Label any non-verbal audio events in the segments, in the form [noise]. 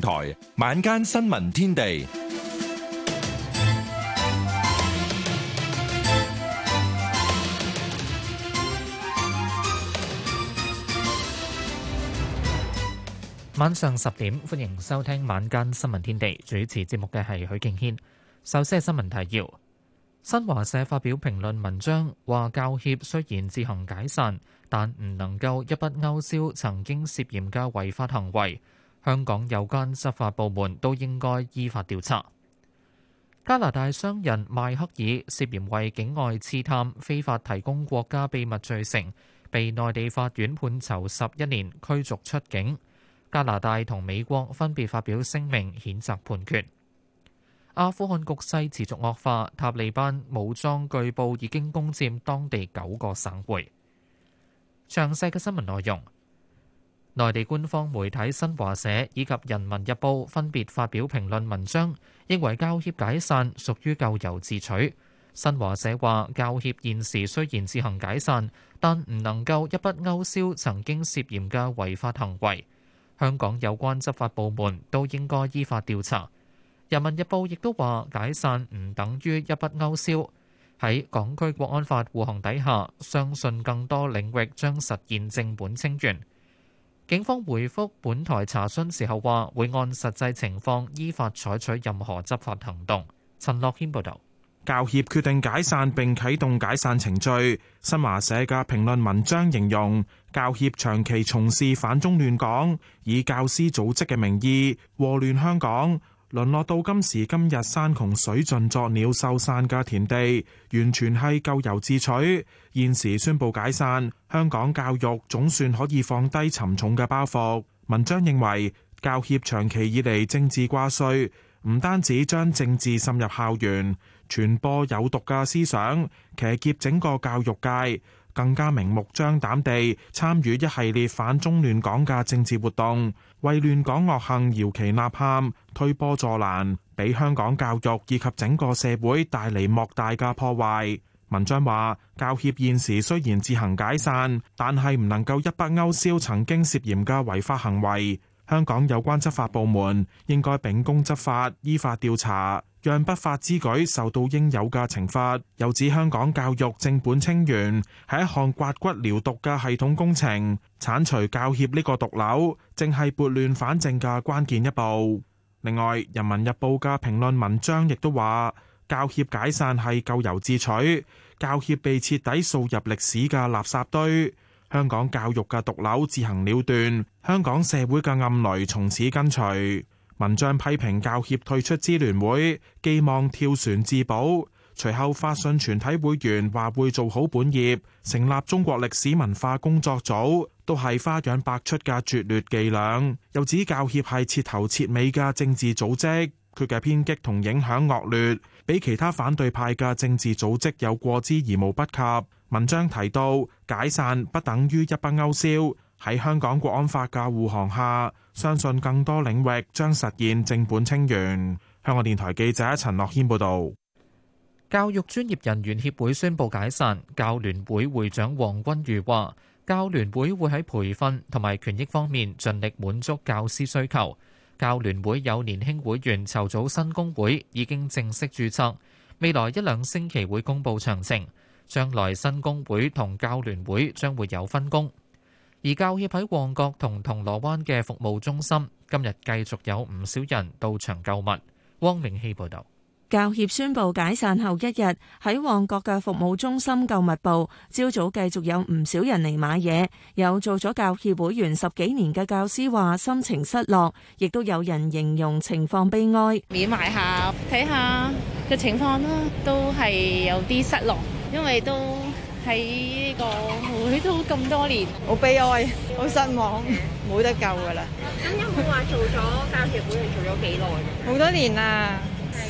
台晚間新聞天地，晚上十點歡迎收聽晚間新聞天地。主持節目嘅係許敬軒。首先係新聞提要：新華社發表評論文章，話教協雖然自行解散，但唔能夠一筆勾銷曾經涉嫌嘅違法行為。香港有關執法部門都應該依法調查。加拿大商人邁克爾涉嫌為境外刺探，非法提供國家秘密罪成，被內地法院判囚十一年，驅逐出境。加拿大同美國分別發表聲明譴責判決。阿富汗局勢持續惡化，塔利班武裝據報已經攻佔當地九個省會。詳細嘅新聞內容。內地官方媒體新華社以及人民日報分別發表評論文章，認為教協解散屬於咎由自取。新華社話：教協現時雖然自行解散，但唔能夠一筆勾銷曾經涉嫌嘅違法行為。香港有關執法部門都應該依法調查。人民日報亦都話：解散唔等於一筆勾銷。喺港區國安法護航底下，相信更多領域將實現正本清源。警方回覆本台查詢時候話，會按實際情況依法採取任何執法行動。陳樂軒報導。教協決定解散並啟動解散程序。新華社嘅評論文章形容，教協長期從事反中亂港，以教師組織嘅名義禍亂香港。淪落到今時今日山窮水盡作鳥獸散嘅田地，完全係咎由自取。現時宣布解散，香港教育總算可以放低沉重嘅包袱。文章認為，教協長期以嚟政治掛帥，唔單止將政治滲入校園，傳播有毒嘅思想，騎劫整個教育界。更加明目張膽地參與一系列反中亂港嘅政治活動，為亂港惡行搖旗吶喊、推波助瀾，俾香港教育以及整個社會帶嚟莫大嘅破壞。文章話，教協現時雖然自行解散，但係唔能夠一筆勾銷曾經涉嫌嘅違法行為。香港有關執法部門應該秉公執法、依法調查。讓不法之舉受到應有嘅懲罰。又指香港教育正本清源係一項刮骨療毒嘅系統工程，鏟除教協呢個毒瘤，正係撥亂反正嘅關鍵一步。另外，《人民日報》嘅評論文章亦都話，教協解散係咎由自取，教協被徹底掃入歷史嘅垃圾堆，香港教育嘅毒瘤自行了斷，香港社會嘅暗雷從此根除。文章批評教協退出支聯會，寄望跳船自保。隨後發信全體會員話會做好本業，成立中國歷史文化工作組，都係花樣百出嘅絕劣伎倆。又指教協係徹頭徹尾嘅政治組織，佢嘅偏激同影響惡劣，比其他反對派嘅政治組織有過之而無不及。文章提到解散不等於一筆勾銷，喺香港國安法嘅護航下。相信更多領域將實現正本清源。香港電台記者陳樂軒報導，教育專業人員協會宣布解散。教聯會會長黃君如話，教聯會會喺培訓同埋權益方面盡力滿足教師需求。教聯會有年輕會員籌組新工會，已經正式註冊，未來一兩星期會公布詳情。將來新工會同教聯會將會有分工。而教協喺旺角同銅鑼灣嘅服務中心，今日繼續有唔少人到場購物。汪明熙報道：教協宣布解散後一日，喺旺角嘅服務中心購物部，朝早繼續有唔少人嚟買嘢。有做咗教協會員十幾年嘅教師話，心情失落，亦都有人形容情況悲哀。緬懷下睇下個情況啦，都係有啲失落，因為都。喺呢個會都咁多年，好悲哀，好失望，冇 [laughs] 得救噶啦。咁有冇話做咗教協會係做咗幾耐？好多年啦，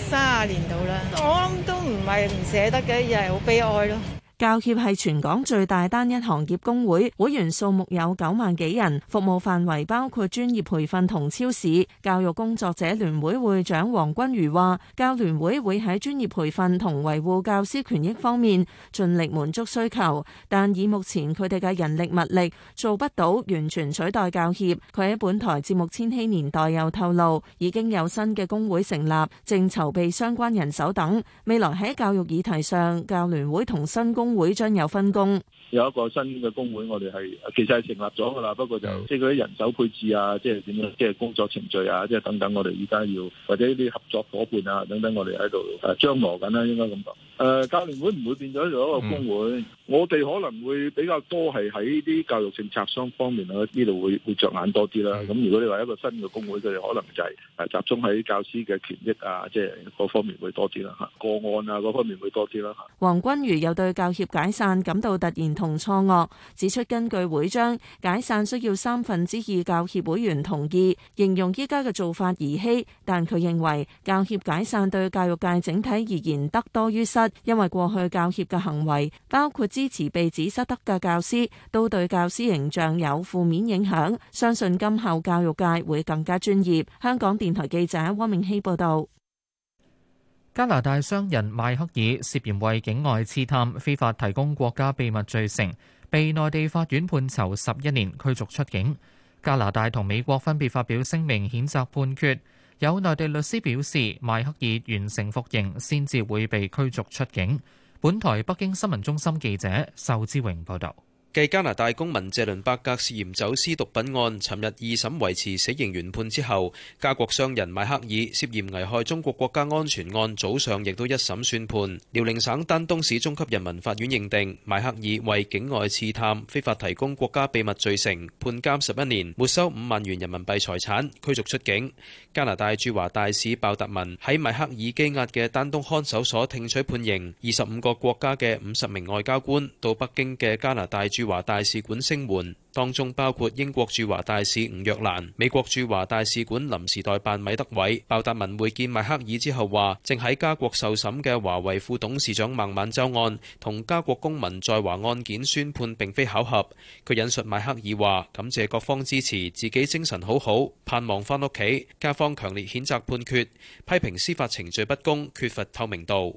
三十的年度啦。我諗都唔係唔捨得嘅，而係好悲哀咯。教協係全港最大單一行業工會，會員數目有九萬幾人，服務範圍包括專業培訓同超市。教育工作者聯會會長黃君如話：教聯會會喺專業培訓同維護教師權益方面盡力滿足需求，但以目前佢哋嘅人力物力，做不到完全取代教協。佢喺本台節目《千禧年代》又透露，已經有新嘅工會成立，正籌備相關人手等，未來喺教育議題上，教聯會同新工。工會將有分工，有一個新嘅工會，我哋係其實係成立咗噶啦，不過就即係嗰啲人手配置啊，即係點樣，即係工作程序啊，即係等等，我哋而家要或者啲合作夥伴啊等等，我哋喺度誒張羅緊啦，應該咁講。誒，教聯會唔會變咗做一個工會？我哋可能會比較多係喺啲教育政策上方面啦。呢度會會着眼多啲啦。咁如果你話一個新嘅工會，佢哋可能就係誒集中喺教師嘅權益啊，即係各方面會多啲啦。個案啊，各方面會多啲啦。黃君如又對教協解散感到突然同錯愕，指出根據會章，解散需要三分之二教協會員同意，形容依家嘅做法兒戲。但佢認為教協解散對教育界整體而言得多於失，因為過去教協嘅行為包括支持被指失德嘅教師，都對教師形象有負面影響。相信今後教育界會更加專業。香港電台記者汪明希報道。加拿大商人邁克爾涉嫌為境外刺探、非法提供國家秘密罪成，被內地法院判囚十一年，驅逐出境。加拿大同美國分別發表聲明譴責判決。有內地律師表示，邁克爾完成服刑先至會被驅逐出境。本台北京新聞中心記者壽之榮報道。繼加拿大公民謝倫伯格涉嫌走私毒品案，尋日二審維持死刑原判之後，加國商人邁克爾涉嫌危害中國國家安全案，早上亦都一審宣判。遼寧省丹東市中級人民法院認定邁克爾為境外刺探、非法提供國家秘密罪成，判監十一年，沒收五萬元人民幣財產，驅逐出境。加拿大駐華大使鮑達民喺邁克爾羈押嘅丹東看守所聽取判刑。二十五個國家嘅五十名外交官到北京嘅加拿大駐華大使館聲援，當中包括英國駐華大使吳若蘭、美國駐華大使館臨時代辦米德偉。鮑達民會見邁克爾之後話，正喺加國受審嘅華為副董事長孟晚舟案，同加國公民在華案件宣判，並非巧合。佢引述邁克爾話，感謝各方支持，自己精神好好，盼望翻屋企。加方強烈譴責判決，批評司法程序不公，缺乏透明度。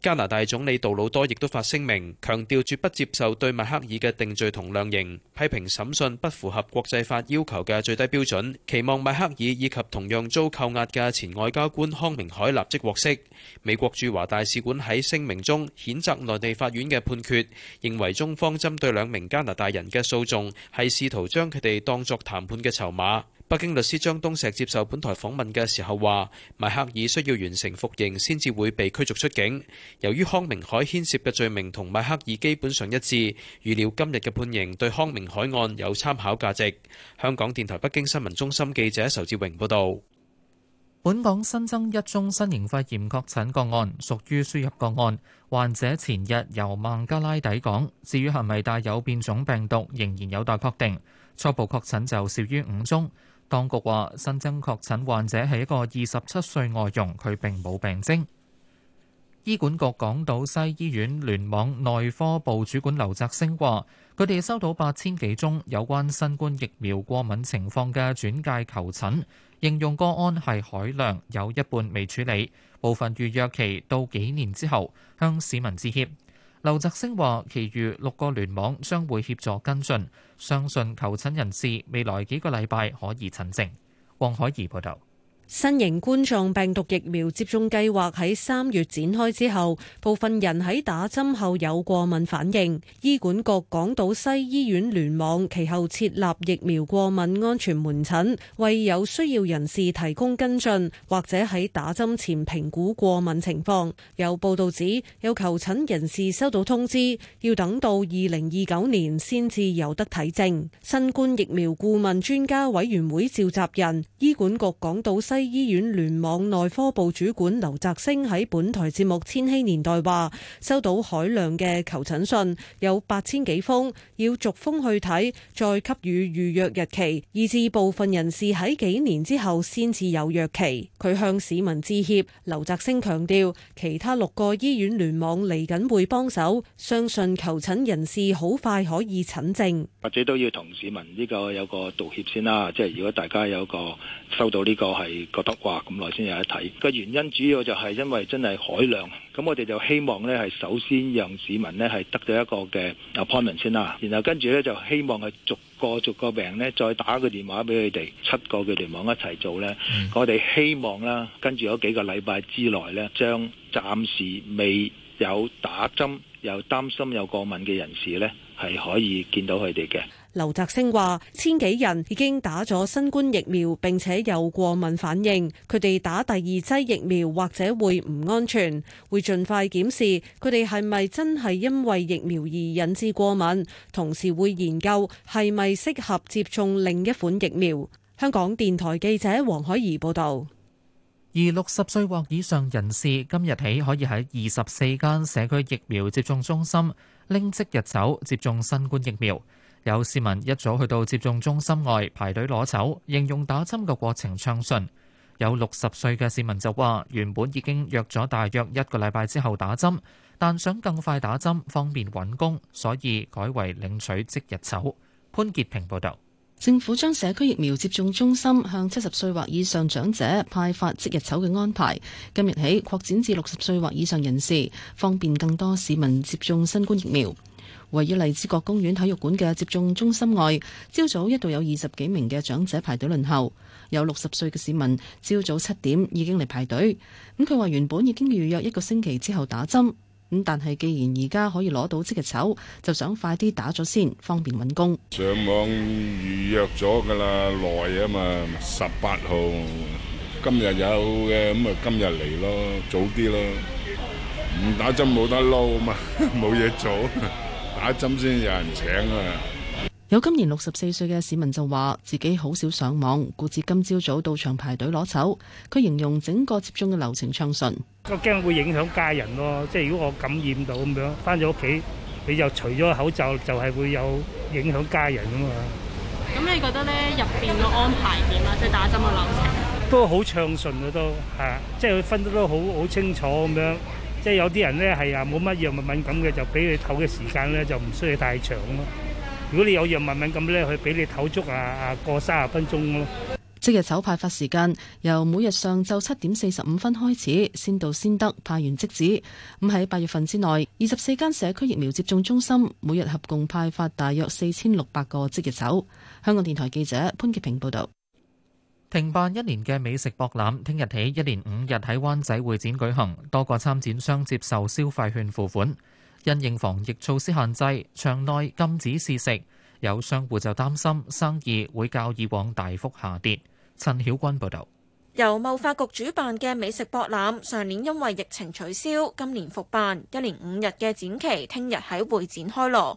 加拿大總理杜魯多亦都發聲明，強調絕不接受對邁克爾嘅定罪同量刑，批評審訊不符合國際法要求嘅最低標準。期望邁克爾以及同樣遭扣押嘅前外交官康明凱立即獲釋。美國駐華大使館喺聲明中譴責內地法院嘅判決，認為中方針對兩名加拿大人嘅訴訟係試圖將佢哋當作談判嘅籌碼。北京律師張東石接受本台訪問嘅時候話，麥克爾需要完成服刑先至會被驅逐出境。由於康明凱牽涉嘅罪名同麥克爾基本上一致，預料今日嘅判刑對康明凱案有參考價值。香港電台北京新聞中心記者仇志榮報道。本港新增一宗新型肺炎確診個案，屬於輸入個案，患者前日由孟加拉抵港。至於係咪帶有變種病毒，仍然有待確定。初步確診就少於五宗。當局話新增確診患者係一個二十七歲外傭，佢並冇病徵。醫管局港島西醫院聯網內科部主管劉澤星話，佢哋收到八千幾宗有關新冠疫苗過敏情況嘅轉介求診，應用個案係海量，有一半未處理，部分預約期到幾年之後，向市民致歉。劉澤星話，其餘六個聯網將會協助跟進，相信求診人士未來幾個禮拜可以診症。黃海怡報道。新型冠狀病毒疫苗接種計劃喺三月展開之後，部分人喺打針後有過敏反應。醫管局港島西醫院聯網，其後設立疫苗過敏安全門診，為有需要人士提供跟進，或者喺打針前評估過敏情況。有報道指，有求診人士收到通知，要等到二零二九年先至有得睇症。新冠疫苗顧問專家委員會召集人，醫管局港島西。西醫院聯網內科部主管劉澤星喺本台節目《千禧年代》話，收到海量嘅求診信，有八千幾封，要逐封去睇，再給予預約日期，以致部分人士喺幾年之後先至有約期。佢向市民致歉。劉澤星強調，其他六個醫院聯網嚟緊會幫手，相信求診人士好快可以診症。或者都要同市民呢個有個道歉先啦，即係如果大家有個收到呢個係。覺得哇，咁耐先有得睇，個原因主要就係因為真係海量，咁我哋就希望呢，係首先讓市民呢，係得到一個嘅 appointment 先啦，然後跟住呢，就希望係逐個逐個病呢，再打個電話俾佢哋，七個嘅聯網一齊做呢。嗯、我哋希望啦，跟住嗰幾個禮拜之內呢，將暫時未有打針又擔心有過敏嘅人士呢，係可以見到佢哋嘅。劉澤星話：千幾人已經打咗新冠疫苗，並且有過敏反應，佢哋打第二劑疫苗或者會唔安全，會盡快檢視佢哋係咪真係因為疫苗而引致過敏，同時會研究係咪適合接種另一款疫苗。香港電台記者黃海怡報道。而六十歲或以上人士今日起可以喺二十四間社區疫苗接種中心拎即日走接種新冠疫苗。有市民一早去到接種中心外排隊攞籌，形容打針嘅過程暢順。有六十歲嘅市民就話，原本已經約咗大約一個禮拜之後打針，但想更快打針方便揾工，所以改為領取即日籌。潘潔平報導。政府將社區疫苗接種中心向七十歲或以上長者派發即日籌嘅安排，今日起擴展至六十歲或以上人士，方便更多市民接種新冠疫苗。位於荔枝角公園體育館嘅接種中心外，朝早一度有二十幾名嘅長者排隊輪候。有六十歲嘅市民，朝早七點已經嚟排隊。咁佢話原本已經預約一個星期之後打針，咁但係既然而家可以攞到即日籌，就想快啲打咗先，方便揾工。上網預約咗㗎啦，耐啊嘛，十八號今日有嘅，咁啊今日嚟咯，早啲咯。唔打針冇得撈啊嘛，冇嘢做。打針先有人請啊！有今年六十四歲嘅市民就話：自己好少上網，故此今朝早，早到場排隊攞籌。佢形容整個接種嘅流程暢順。 [noise] [noise] 我驚會影響家人咯，即係如果我感染到咁樣，返咗屋企，你就除咗口罩，就係會有影響家人啊嘛。咁 [noise] 你覺得咧入邊嘅安排點啊？即係打針嘅流程都好暢順啊，都係即係佢分得都好好清楚咁樣。即係有啲人呢，係啊冇乜藥物敏感嘅，就俾你唞嘅時間呢，就唔需要太長咯。如果你有藥物敏感咧，佢俾你唞足啊啊過三十分鐘咯。即日走派發時間由每日上晝七點四十五分開始，先到先得，派完即止。咁喺八月份之內，二十四間社區疫苗接種中心每日合共派發大約四千六百個即日走。香港電台記者潘潔平報道。停辦一年嘅美食博覽，聽日起一連五日喺灣仔會展舉行，多個參展商接受消費券付款。因應防疫措施限制，場內禁止試食，有商戶就擔心生意會較以往大幅下跌。陳曉君報道。由貿發局主辦嘅美食博覽上年因為疫情取消，今年復辦，一連五日嘅展期聽日喺會展開鑼。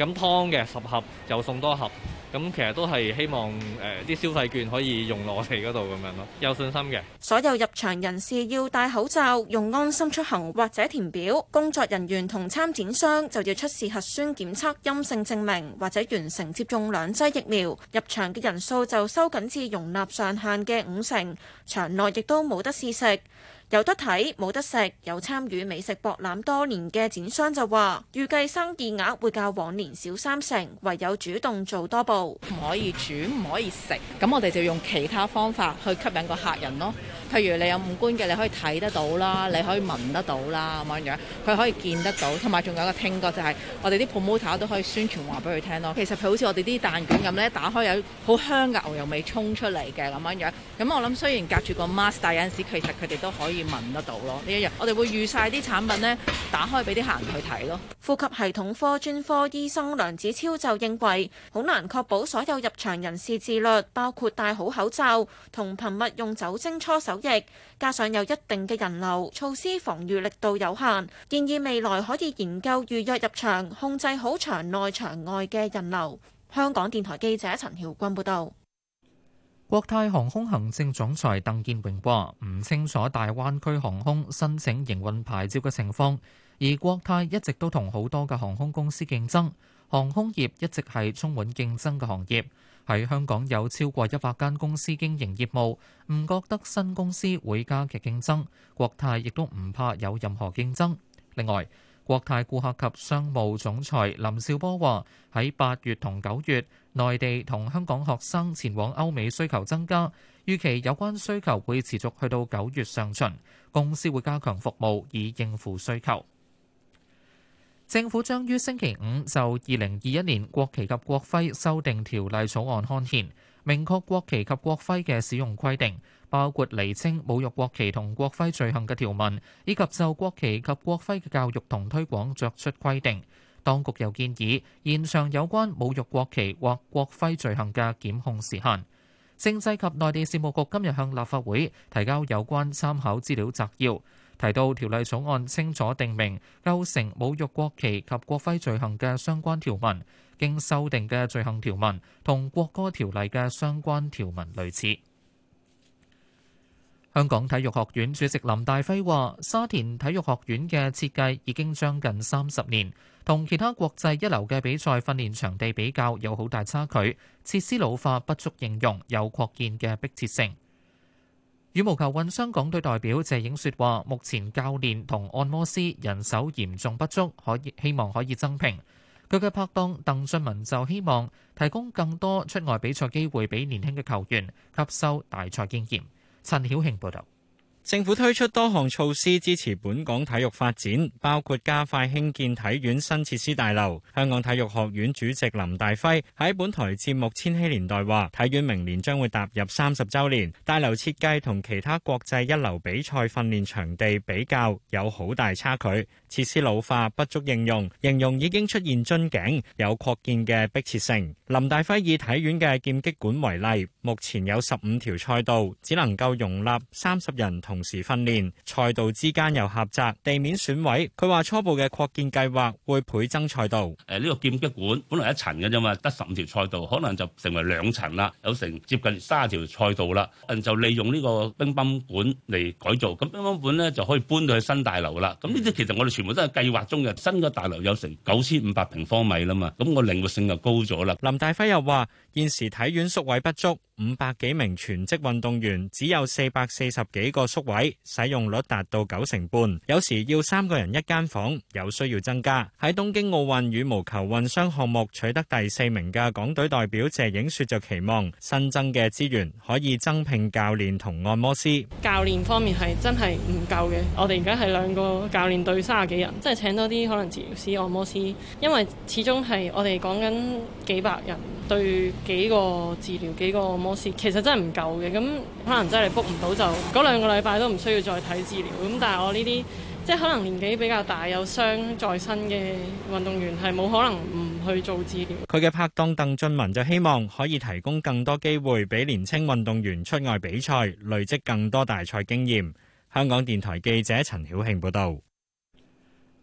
飲湯嘅十盒又送多盒，咁其實都係希望誒啲消費券可以用落我哋嗰度咁樣咯，有信心嘅。所有入場人士要戴口罩，用安心出行或者填表。工作人員同參展商就要出示核酸檢測陰性證明或者完成接種兩劑疫苗。入場嘅人數就收緊至容納上限嘅五成，場內亦都冇得試食。有得睇冇得食，有參與美食博覽多年嘅展商就話：預計生意額會較往年少三成，唯有主動做多步。唔可以煮，唔可以食，咁我哋就用其他方法去吸引個客人咯。譬如你有五官嘅，你可以睇得到啦，你可以聞得到啦，咁樣樣，佢可以見得到，同埋仲有一個聽覺就係我哋啲 promoter 都可以宣傳話俾佢聽咯。其實佢好似我哋啲蛋卷咁咧，打開有好香嘅牛油味衝出嚟嘅，咁樣樣，咁我諗雖然隔住個 mask 戴有陣時，其實佢哋都可以聞得到咯。呢一日我哋會預晒啲產品咧，打開俾啲客人去睇咯。呼吸系統科專科醫生梁子超就認為，好難確保所有入場人士自律，包括戴好口罩同頻密用酒精搓手。疫，加上有一定嘅人流，措施防禦力度有限，建議未來可以研究預約入場，控制好場內場外嘅人流。香港電台記者陳曉君報道。國泰航空行政總裁鄧健榮話，唔清楚大灣區航空申請營運牌照嘅情況，而國泰一直都同好多嘅航空公司競爭，航空業一直係充滿競爭嘅行業。喺香港有超過一百間公司經營業務，唔覺得新公司會加劇競爭。國泰亦都唔怕有任何競爭。另外，國泰顧客及商務總裁林紹波話：喺八月同九月，內地同香港學生前往歐美需求增加，預期有關需求會持續去到九月上旬，公司會加強服務以應付需求。政府將於星期五就《2021年國旗及國徽修訂條例草案》刊憲，明確國旗及國徽嘅使用規定，包括釐清侮辱國旗同國徽罪行嘅條文，以及就國旗及國徽嘅教育同推廣作出規定。當局又建議延長有關侮辱國旗或國徽罪行嘅檢控時限。政制及內地事務局今日向立法會提交有關參考資料摘要。提到條例草案清楚定明構成侮辱國旗及國徽罪行嘅相關條文，經修訂嘅罪行條文同國歌條例嘅相關條文類似。香港體育學院主席林大輝話：沙田體育學院嘅設計已經將近三十年，同其他國際一流嘅比賽訓練場地比較有好大差距，設施老化不足應用，有擴建嘅迫切性。羽毛球混雙港隊代表謝影雪話，目前教練同按摩師人手嚴重不足，可以希望可以增聘。佢嘅拍檔鄧俊文就希望提供更多出外比賽機會俾年輕嘅球員，吸收大賽經驗。陳曉慶報道。政府推出多項措施支持本港體育發展，包括加快興建體院新設施大樓，香港體育學院主席林大輝喺本台節目《千禧年代》話：體院明年將會踏入三十周年，大樓設計同其他國際一流比賽訓練場地比較，有好大差距。設施老化不足應用，形容已經出現樽頸，有擴建嘅迫切性。林大輝以體院嘅劍擊館為例，目前有十五條賽道，只能夠容納三十人同時訓練，賽道之間又狹窄，地面損毀。佢話初步嘅擴建計劃會倍增賽道。誒呢個劍擊館本來一層嘅啫嘛，得十五條賽道，可能就成為兩層啦，有成接近三十條賽道啦。就利用呢個乒乓館嚟改造，咁乒乓館呢，就可以搬到去新大樓啦。咁呢啲其實我哋，全部都係計劃中嘅，新嘅大樓有成九千五百平方米啦嘛，咁我靈活性就高咗啦。林大輝又話：現時體院宿位不足。五百幾名全職運動員，只有四百四十幾個宿位，使用率達到九成半，有時要三個人一間房，有需要增加。喺東京奧運羽毛球混雙項目取得第四名嘅港隊代表謝影雪就期望新增嘅資源可以增聘教練同按摩師。教練方面係真係唔夠嘅，我哋而家係兩個教練對三十幾人，即係請多啲可能治療師、按摩師，因為始終係我哋講緊幾百人對幾個治療、幾個按摩。其實真係唔夠嘅，咁可能真係 b 唔到，就嗰兩個禮拜都唔需要再睇治療。咁但係我呢啲，即係可能年紀比較大、有傷在身嘅運動員係冇可能唔去做治療。佢嘅拍檔鄧俊文就希望可以提供更多機會俾年青運動員出外比賽，累積更多大賽經驗。香港電台記者陳曉慶報導。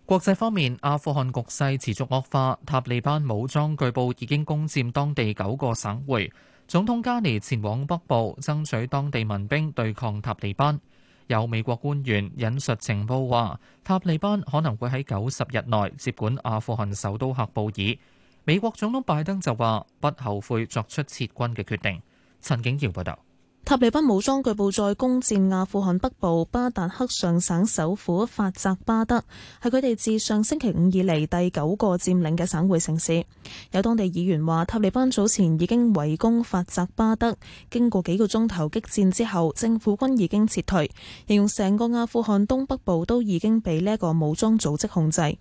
國際方面，阿富汗局勢持續惡化，塔利班武裝據報已經攻佔當地九個省會。總統加尼前往北部爭取當地民兵對抗塔利班。有美國官員引述情報話，塔利班可能會喺九十日內接管阿富汗首都喀布爾。美國總統拜登就話不後悔作出撤軍嘅決定。陳景堯報道。塔利班武裝據報在攻占阿富汗北部巴達克上省首府法扎巴德，係佢哋自上星期五以嚟第九個佔領嘅省會城市。有當地議員話，塔利班早前已經圍攻法扎巴德，經過幾個鐘頭激戰之後，政府軍已經撤退，形容成個阿富汗東北部都已經被呢個武裝組織控制。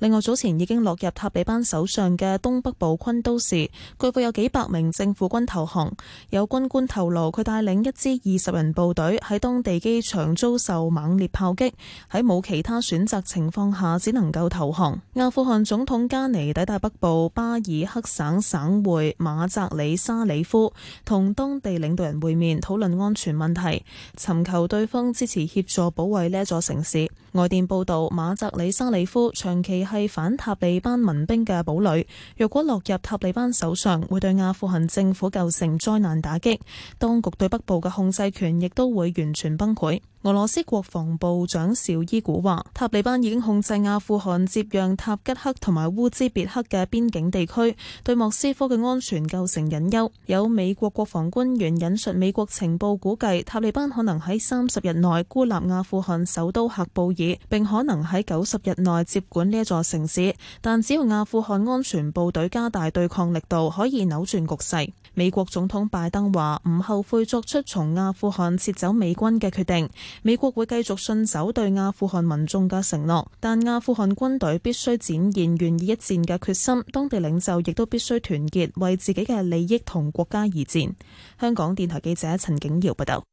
另外，早前已經落入塔利班手上嘅東北部昆都士，據報有幾百名政府軍投降。有軍官透露，佢帶領一支二十人部隊喺當地機場遭受猛烈炮擊，喺冇其他選擇情況下，只能夠投降。阿富汗總統加尼抵達北部巴爾克省省會馬扎里沙里夫，同當地領導人會面討論安全問題，尋求對方支持協助保衞呢一座城市。外電報導，馬扎里沙里夫尤其係反塔利班民兵嘅堡壘，若果落入塔利班手上，會對阿富汗政府構成災難打擊，當局對北部嘅控制權亦都會完全崩潰。俄羅斯國防部長紹伊古話：塔利班已經控制阿富汗接壤塔吉克同埋烏茲別克嘅邊境地區，對莫斯科嘅安全構成隱憂。有美國國防官員引述美國情報估計，塔利班可能喺三十日內孤立阿富汗首都喀布爾，並可能喺九十日內接管呢一座城市。但只要阿富汗安全部隊加大對抗力度，可以扭轉局勢。美國總統拜登話唔後悔作出從阿富汗撤走美軍嘅決定，美國會繼續信守對阿富汗民眾嘅承諾，但阿富汗軍隊必須展現願意一戰嘅決心，當地領袖亦都必須團結，為自己嘅利益同國家而戰。香港電台記者陳景堯報道。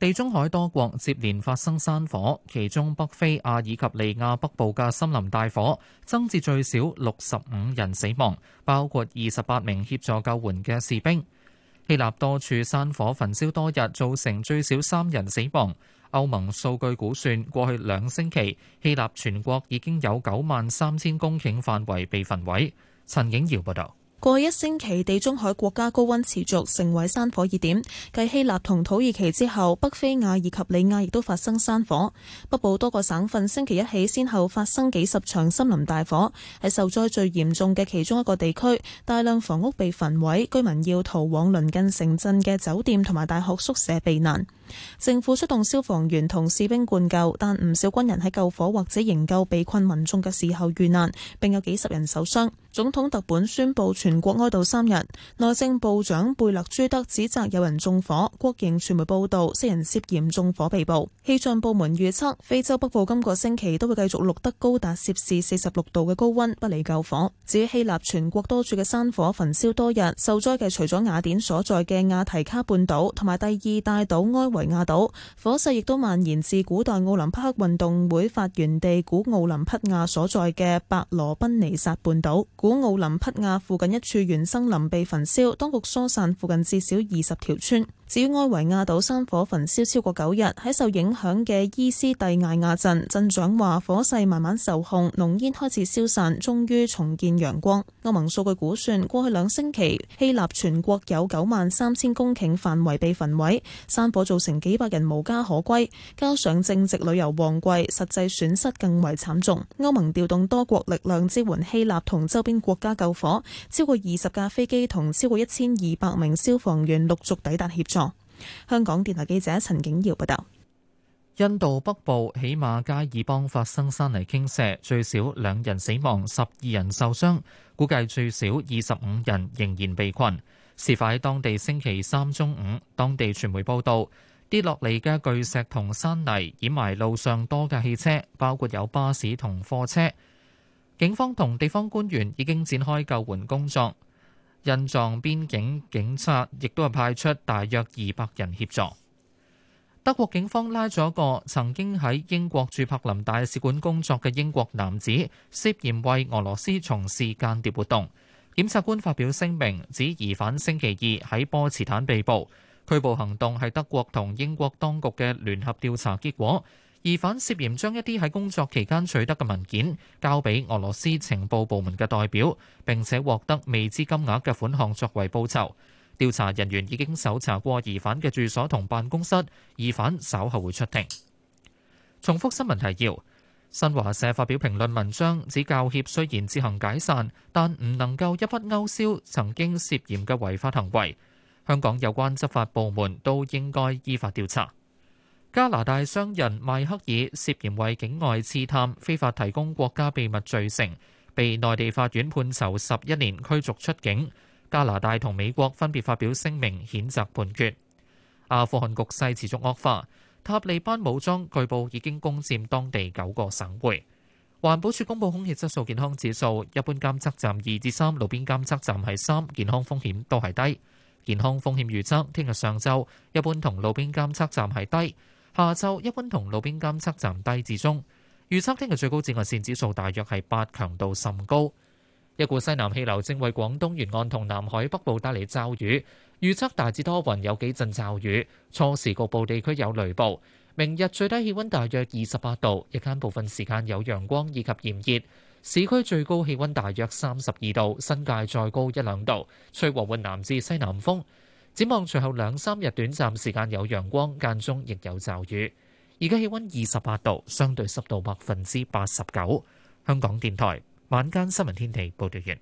地中海多國接連發生山火，其中北非阿爾及利亞北部嘅森林大火增至最少六十五人死亡，包括二十八名協助救援嘅士兵。希臘多處山火焚燒多日，造成最少三人死亡。歐盟數據估算，過去兩星期希臘全國已經有九萬三千公頃範圍被焚毀。陳景堯報導。過去一星期，地中海國家高温持續，成為山火熱點。繼希臘同土耳其之後，北非阿爾及利亞亦都發生山火。北部多個省份星期一起先後發生幾十場森林大火。喺受災最嚴重嘅其中一個地區，大量房屋被焚毀，居民要逃往鄰近城鎮嘅酒店同埋大學宿舍避難。政府出動消防員同士兵灌救，但唔少軍人喺救火或者營救被困民眾嘅時候遇難，並有幾十人受傷。總統特本宣布全國哀悼三日。內政部長貝勒朱德指責有人縱火。國營傳媒報道，四人涉嫌縱火被捕。氣象部門預測，非洲北部今個星期都會繼續錄得高達攝氏四十六度嘅高溫，不利救火。至於希臘全國多處嘅山火焚燒多日，受災嘅除咗雅典所在嘅亞提卡半島，同埋第二大島埃維亞島，火勢亦都蔓延至古代奧林匹克運動會發源地古奧林匹亞所在嘅伯羅奔尼撒半島。古奧林匹亞附近一處原生林被焚燒，當局疏散附近至少二十條村。至於埃維亞島山火焚燒超過九日，喺受影響嘅伊斯蒂艾亞鎮，鎮長話火勢慢慢受控，濃煙開始消散，終於重見陽光。歐盟數據估算過去兩星期希臘全國有九萬三千公頃範圍被焚毀，山火造成幾百人無家可歸，加上正值旅遊旺季，實際損失更為慘重。歐盟調動多國力量支援希臘同周邊國家救火，超過二十架飛機同超過一千二百名消防員陸續抵達協助。香港電台記者陳景瑤報道：印度北部喜馬加爾邦發生山泥傾瀉，最少兩人死亡，十二人受傷，估計最少二十五人仍然被困。事發喺當地星期三中午。當地傳媒報道，跌落嚟嘅巨石同山泥掩埋路上多架汽車，包括有巴士同貨車。警方同地方官員已經展開救援工作。印藏邊境警察，亦都係派出大約二百人協助。德國警方拉咗個曾經喺英國駐柏林大使館工作嘅英國男子，涉嫌為俄羅斯從事間諜活動。檢察官發表聲明指，疑犯星期二喺波茨坦被捕。拘捕行動係德國同英國當局嘅聯合調查結果。疑犯涉嫌將一啲喺工作期間取得嘅文件交俾俄羅斯情報部門嘅代表，並且獲得未知金額嘅款項作為報酬。調查人員已經搜查過疑犯嘅住所同辦公室，疑犯稍後會出庭。重複新聞提要：新華社發表評論文章，指教協雖然自行解散，但唔能夠一筆勾銷曾經涉嫌嘅違法行為。香港有關執法部門都應該依法調查。加拿大商人邁克爾涉嫌為境外刺探、非法提供國家秘密罪成，被內地法院判囚十一年，驅逐出境。加拿大同美國分別發表聲明譴責判決。阿富汗局勢持續惡化，塔利班武裝據報已經攻占當地九個省會。環保署公布空氣質素健康指數，一般監測站二至三，3，路邊監測站係三，健康風險都係低。健康風險預測聽日上晝一般同路邊監測站係低。下晝一般同路邊監測站低至中，預測聽日最高紫外線指數大約係八，強度甚高。一股西南氣流正為廣東沿岸同南海北部帶嚟驟雨，預測大致多雲，有幾陣驟雨，初時局部地區有雷暴。明日最低氣溫大約二十八度，日間部分時間有陽光以及炎熱。市區最高氣溫大約三十二度，新界再高一兩度。吹和緩南至西南風。展望隨後兩三日短暫時間有陽光，間中亦有驟雨。而家氣溫二十八度，相對濕度百分之八十九。香港電台晚間新聞天地報道完。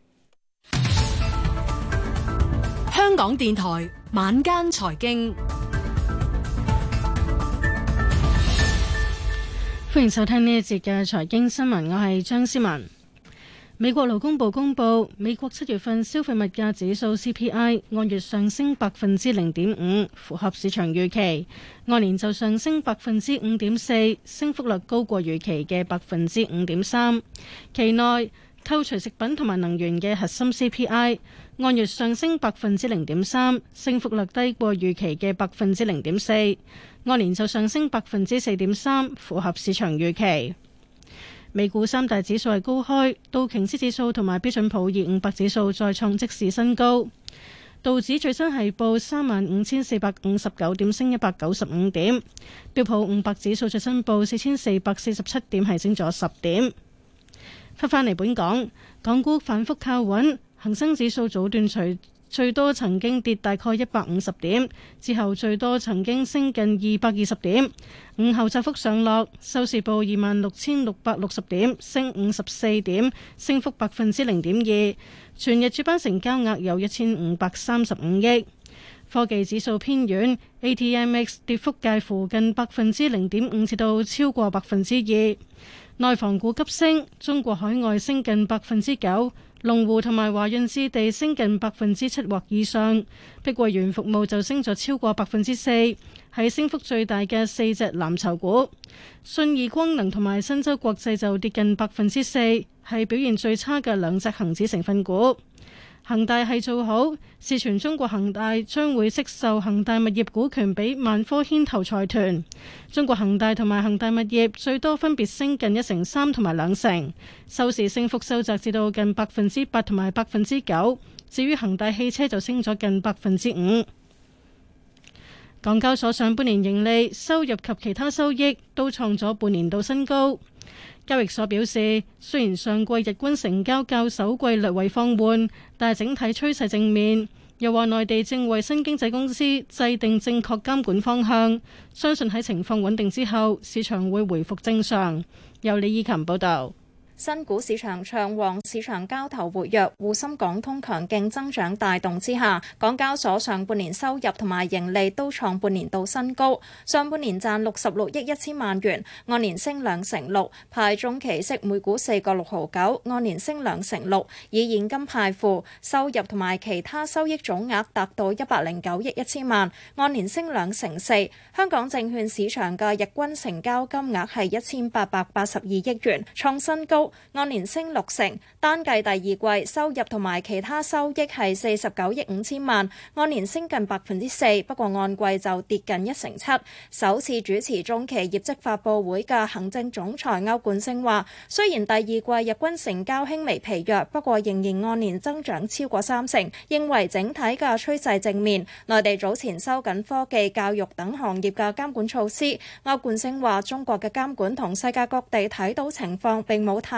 香港電台晚間財經，歡迎收聽呢一節嘅財經新聞，我係張思文。美國勞工部公佈，美國七月份消費物價指數 CPI 按月上升百分之零點五，符合市場預期；按年就上升百分之五點四，升幅率高過預期嘅百分之五點三。期內扣除食品同埋能源嘅核心 CPI 按月上升百分之零點三，升幅率低過預期嘅百分之零點四；按年就上升百分之四點三，符合市場預期。美股三大指數係高開，道瓊斯指數同埋標準普爾五百指數再創即市新高。道指最新係報三萬五千四百五十九點，升一百九十五點。標普五百指數最新報四千四百四十七點，係升咗十點。翻返嚟本港，港股反復靠穩，恒生指數早段隨最多曾經跌大概一百五十點，之後最多曾經升近二百二十點。午後窄幅上落，收市報二萬六千六百六十點，升五十四點，升幅百分之零點二。全日主板成交額有一千五百三十五億。科技指數偏軟，ATMX 跌幅介乎近百分之零點五至到超過百分之二。內房股急升，中國海外升近百分之九。龍湖同埋華潤置地升近百分之七或以上，碧桂園服務就升咗超過百分之四，係升幅最大嘅四隻藍籌股。信義光能同埋新洲國際就跌近百分之四，係表現最差嘅兩隻恒指成分股。恒大係做好，市傳中國恒大將會悉售恒大物業股權俾萬科牽頭財團。中國恒大同埋恒大物業最多分別升近一成三同埋兩成，收市升幅收窄至到近百分之八同埋百分之九。至於恒大汽車就升咗近百分之五。港交所上半年盈利、收入及其他收益都創咗半年度新高。交易所表示，雖然上季日均成交較首季略為放緩，但係整體趨勢正面。又話內地正為新經濟公司制定正確監管方向，相信喺情況穩定之後，市場會回復正常。由李以琴報道。新股市場暢旺，市場交投活躍，滬深港通強勁增長帶動之下，港交所上半年收入同埋盈利都創半年度新高。上半年賺六十六億一千萬元，按年升兩成六，派中期息每股四個六毫九，按年升兩成六，以現金派付。收入同埋其他收益總額達到一百零九億一千萬，按年升兩成四。香港證券市場嘅日均成交金額係一千八百八十二億元，創新高。按年升六成，單計第二季收入同埋其他收益係四十九億五千萬，按年升近百分之四，不過按季就跌近一成七。首次主持中期業績發布會嘅行政總裁歐冠昇話，雖然第二季日均成交輕微疲弱，不過仍然按年增長超過三成，認為整體嘅趨勢正面。內地早前收緊科技、教育等行業嘅監管措施，歐冠昇話中國嘅監管同世界各地睇到情況，並冇太。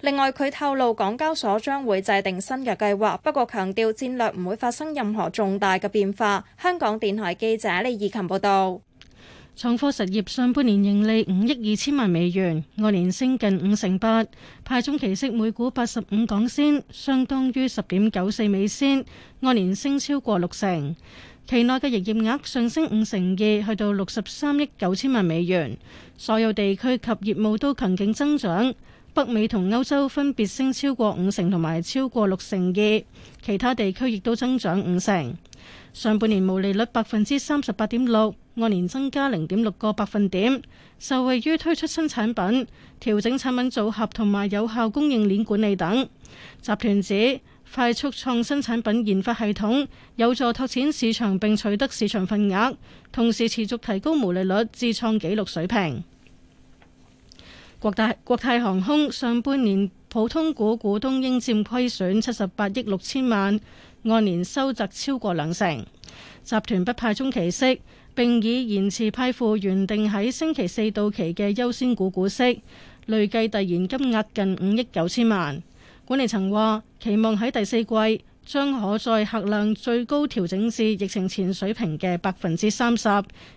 另外，佢透露港交所將會制定新嘅計劃，不過強調戰略唔會發生任何重大嘅變化。香港電台記者李以琴報道，創科實業上半年盈利五億二千萬美元，按年升近五成八，派中期息每股八十五港仙，相當於十點九四美仙，按年升超過六成。期內嘅營業額上升五成二，去到六十三億九千萬美元。所有地區及業務都強勁增長，北美同歐洲分別升超過五成同埋超過六成二，其他地區亦都增長五成。上半年毛利率百分之三十八點六，按年增加零點六個百分點，受惠於推出新產品、調整產品組合同埋有效供應鏈管理等。集團指，快速創新產品研發系統有助拓展市場並取得市場份額，同時持續提高毛利率，至創紀錄水平。國泰國泰航空上半年普通股股東應佔虧損七十八億六千萬，按年收窄超過兩成。集團不派中期息，並以延遲派付原定喺星期四到期嘅優先股股息，累計遞延金額近五億九千萬。管理層話期望喺第四季將可載客量最高調整至疫情前水平嘅百分之三十。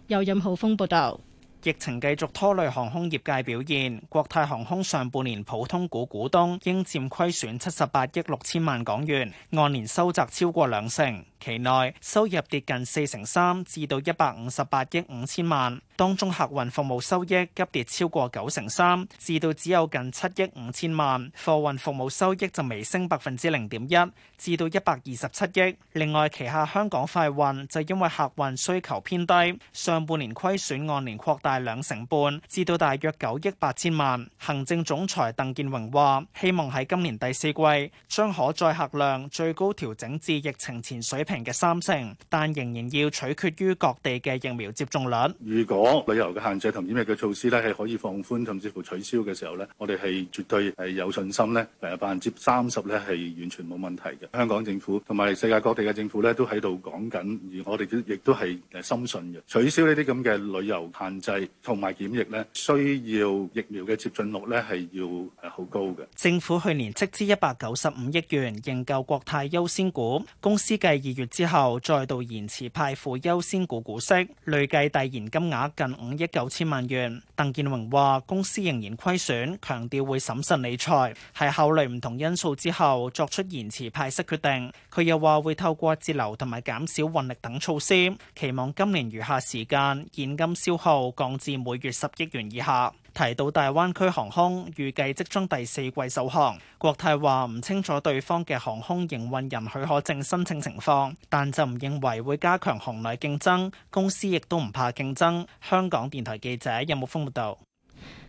由任浩峰報道。疫情繼續拖累航空業界表現，國泰航空上半年普通股股東應佔虧損七十八億六千萬港元，按年收窄超過兩成。期內收入跌近四成三，至到一百五十八億五千萬。當中客運服務收益急跌超過九成三，至到只有近七億五千萬。貨運服務收益就微升百分之零點一，至到一百二十七億。另外旗下香港快運就因為客運需求偏低，上半年虧損按年擴大兩成半，至到大約九億八千萬。行政總裁鄧建榮話：希望喺今年第四季將可載客量最高調整至疫情前水平。平嘅三成，但仍然要取決於各地嘅疫苗接種率。如果旅遊嘅限制同檢疫嘅措施咧，係可以放寬，甚至乎取消嘅時候咧，我哋係絕對係有信心咧，誒百分之三十咧係完全冇問題嘅。香港政府同埋世界各地嘅政府咧，都喺度講緊，而我哋亦都係誒深信嘅。取消呢啲咁嘅旅遊限制同埋檢疫咧，需要疫苗嘅接種率咧係要誒好高嘅。政府去年斥資一百九十五億元，認購國泰優先股，公司計二月之後再度延遲派付優先股股息，累計遞延金額近五億九千萬元。鄧建榮話公司仍然虧損，強調會審慎理財，係考慮唔同因素之後作出延遲派息決定。佢又話會透過節流同埋減少運力等措施，期望今年餘下時間現金消耗降至每月十億元以下。提到大灣區航空預計即將第四季首航，國泰話唔清楚對方嘅航空營運人許可證申請情況，但就唔認為會加強行內競爭。公司亦都唔怕競爭。香港電台記者任木峰報導。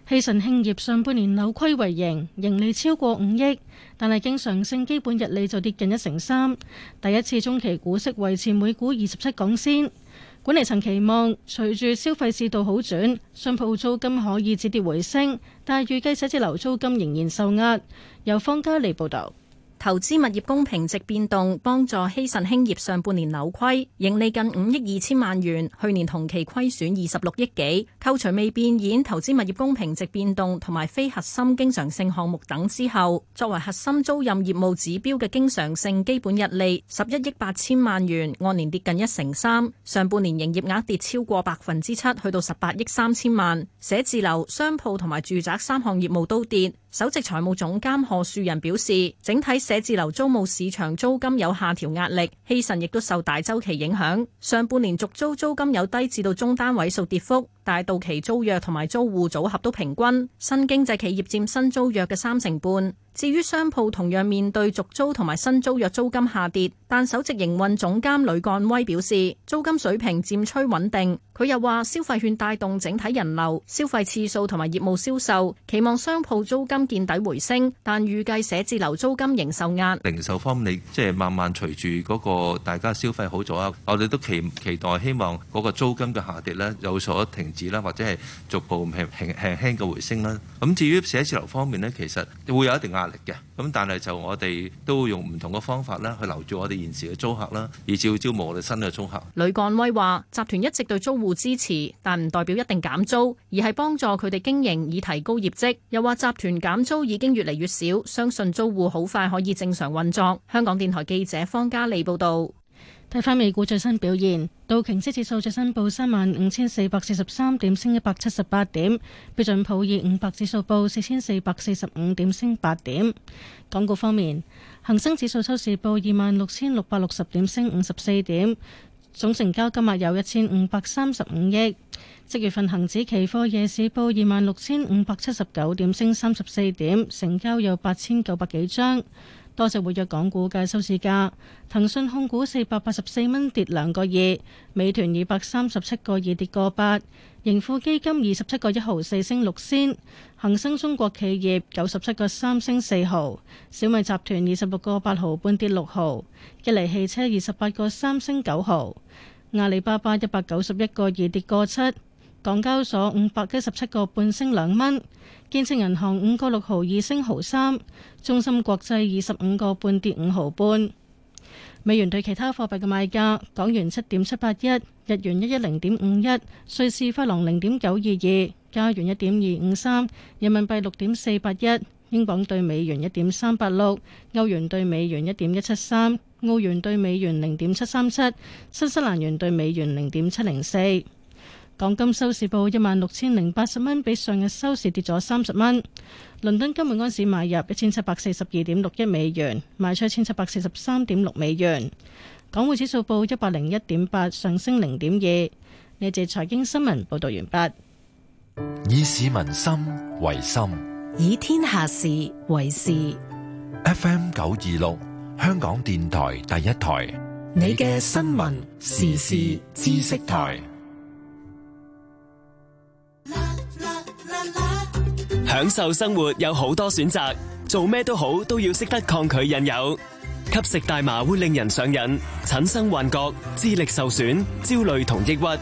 希慎興業上半年扭虧為盈，盈利超過五億，但係經常性基本日利就跌近一成三。第一次中期股息維持每股二十七港仙。本嚟曾期望隨住消費市道好轉，商舖租金可以止跌回升，但係預計寫字樓租金仍然受壓。由方家利報導。投資物業公平值變動幫助希慎興業上半年扭虧，盈利近五億二千萬元，去年同期虧損二十六億幾。扣除未變現投資物業公平值變動同埋非核心經常性項目等之後，作為核心租賃業務指標嘅經常性基本溢利十一億八千萬元，按年跌近一成三。上半年營業額跌超過百分之七，去到十八億三千萬。寫字樓、商鋪同埋住宅三項業務都跌。首席財務總監何樹仁表示，整體寫字樓租務市場租金有下調壓力，氣氛亦都受大周期影響。上半年續租租金有低至到中單位數跌幅。大到期租約同埋租戶組合都平均，新經濟企業佔新租約嘅三成半。至於商鋪，同樣面對續租同埋新租約租金下跌。但首席營運總監呂幹威表示，租金水平漸趨穩定。佢又話：消費券帶動整體人流、消費次數同埋業務銷售，期望商鋪租金見底回升。但預計寫字樓租金仍受壓。零售方面，你即係慢慢隨住嗰個大家消費好咗，我哋都期期待希望嗰個租金嘅下跌咧有所停啦，或者係逐步輕輕輕輕嘅回升啦。咁至於寫字樓方面呢，其實會有一定壓力嘅。咁但係就我哋都用唔同嘅方法啦，去留住我哋現時嘅租客啦，以照招募我哋新嘅租客。呂幹威話：集團一直對租戶支持，但唔代表一定減租，而係幫助佢哋經營以提高業績。又話集團減租已經越嚟越少，相信租戶好快可以正常運作。香港電台記者方嘉利報道。睇翻美股最新表現，道瓊斯指數最新報三萬五千四百四十三點，升一百七十八點；標準普爾五百指數報四千四百四十五點，升八點。港股方面，恒生指數收市報二萬六千六百六十點，升五十四點；總成交金額有一千五百三十五億。七月份恒指期貨夜市報二萬六千五百七十九點，升三十四點，成交有八千九百幾張。多隻活躍港股嘅收市價，騰訊控股四百八十四蚊跌兩個二，美團二百三十七個二跌個八，盈富基金二十七個一毫四升六仙，恒生中國企業九十七個三升四毫，小米集團二十六個八毫半跌六毫，吉利汽車二十八個三升九毫，阿里巴巴一百九十一個二跌個七。港交所五百一十七個半升兩蚊，建設銀行五個六毫二升毫三，中芯國際二十五個半跌五毫半。美元對其他貨幣嘅賣價：港元七點七八一，日元一一零點五一，瑞士法郎零點九二二，加元一點二五三，人民幣六點四八一，英鎊兌美元一點三八六，歐元兌美元一點一七三，澳元兌美元零點七三七，新西蘭元兌美元零點七零四。港金收市報一萬六千零八十蚊，比上日收市跌咗三十蚊。倫敦金每安士買入一千七百四十二點六一美元，賣出一千七百四十三點六美元。港匯指數報一百零一點八，上升零點二。呢節《財經新聞》報道完畢。以市民心為心，以天下事為事。F M 九二六，香港電台第一台，你嘅新聞時事知識台。享受生活有好多選擇，做咩都好都要識得抗拒引誘。吸食大麻會令人上癮，產生幻覺、智力受損、焦慮同抑鬱。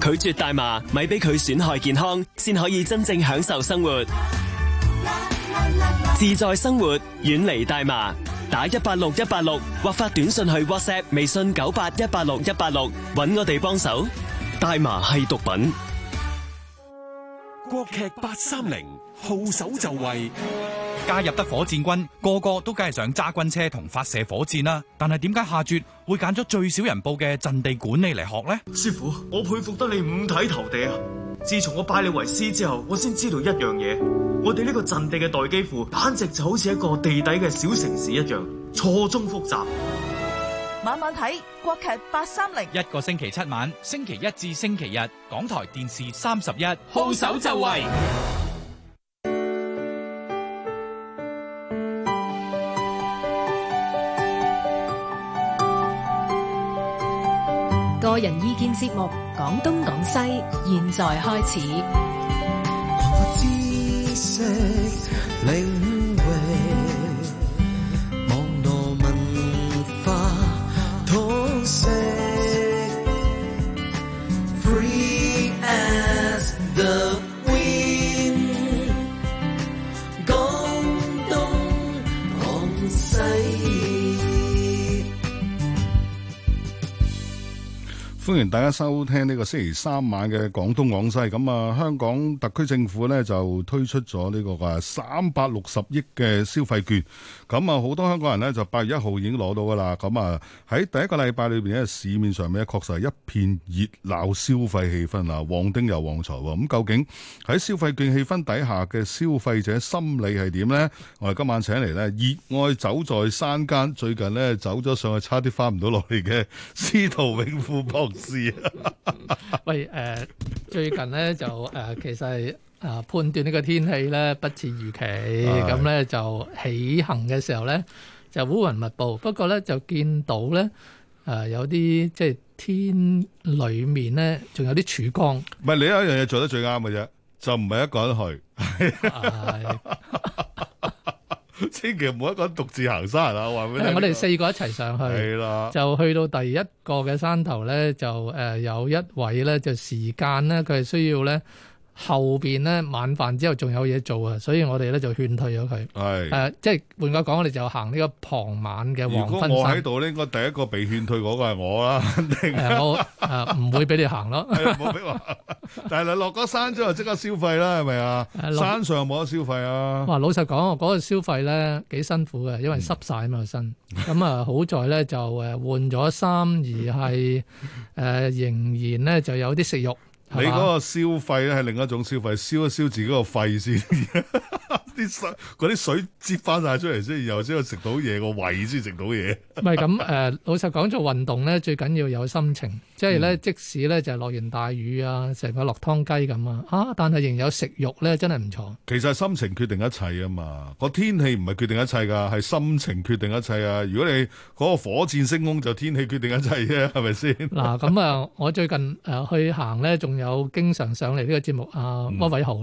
拒絕大麻，咪俾佢損害健康，先可以真正享受生活。自在生活，遠離大麻。打一八六一八六或發短信去 WhatsApp、微信九八一八六一八六，搵我哋幫手。大麻係毒品。國劇八三零號手就位，加入得火箭軍，個個都梗係想揸軍車同發射火箭啦。但係點解下絕會揀咗最少人報嘅陣地管理嚟學呢？師傅，我佩服得你五體投地啊！自從我拜你為師之後，我先知道一樣嘢，我哋呢個陣地嘅待機庫，簡直就好似一個地底嘅小城市一樣，錯綜複雜。晚晚睇國劇八三零，一個星期七晚，星期一至星期日，港台電視三十一，號手就位。個人意見節目，廣東廣西，現在開始。歡迎大家收聽呢個星期三晚嘅廣東廣西咁啊！香港特區政府呢就推出咗呢個三百六十億嘅消費券，咁啊好多香港人呢就八月一號已經攞到噶啦。咁啊喺第一個禮拜裏邊呢，市面上面呢確實係一片熱鬧消費氣氛啊。旺丁又旺財。咁究竟喺消費券氣氛底下嘅消費者心理係點呢？我哋今晚請嚟呢，熱愛走在山間，最近呢，走咗上去，差啲翻唔到落嚟嘅司徒永富博士。 [laughs] [laughs] 喂，誒、呃，最近咧，就誒、其實係判斷呢個天氣咧不似預期，咁咧、哎、就起行嘅時候咧，就烏雲密布，不過咧就見到咧誒、呃、有啲即係天裏面咧仲有啲曙光。唔係你有一樣嘢做得最啱嘅啫，就唔係一個人去。 [laughs] 哎 [laughs] 千祈唔好一個人獨自行山啊！我話俾、嗯、我哋四個一齊上去，啦就去到第一個嘅山頭咧，就誒有一位咧就是、時間咧，佢係需要咧。後邊咧晚飯之後仲有嘢做啊，所以我哋咧就勸退咗佢。係誒、哎呃，即係換個講，我哋就行呢個傍晚嘅黃昏山。如果我喺度咧，我第一個被勸退嗰個係我啦，肯定我唔會俾你行咯。唔好俾我，呃哎、但係你落咗山之後即刻消費啦，係咪啊？山上冇得消費啊？嗯、哇，老實講，我、那、嗰個消費咧幾辛苦嘅，因為濕晒啊嘛，個身。咁啊、嗯，嗯嗯、好在咧就誒換咗衫，而係誒、呃、仍然咧就有啲食慾。啊、你嗰個消費咧係另一種消費，燒一燒自己個肺先，啲 [laughs] 水嗰啲水擠翻晒出嚟先，然後先去食到嘢個胃先食到嘢。唔係咁誒，老實講做運動咧，最緊要有心情，即係咧，即使咧就係落完大雨啊，成個落湯雞咁啊，但係仍有食慾咧，真係唔錯。其實心情決定一切啊嘛，個天氣唔係決定一切㗎，係心情決定一切啊。如果你嗰個火箭升空，就天氣決定一切啫，係咪先？嗱、 [laughs] 啊，咁啊，我最近誒去行咧，仲有。有經常上嚟呢個節目啊，屈偉豪。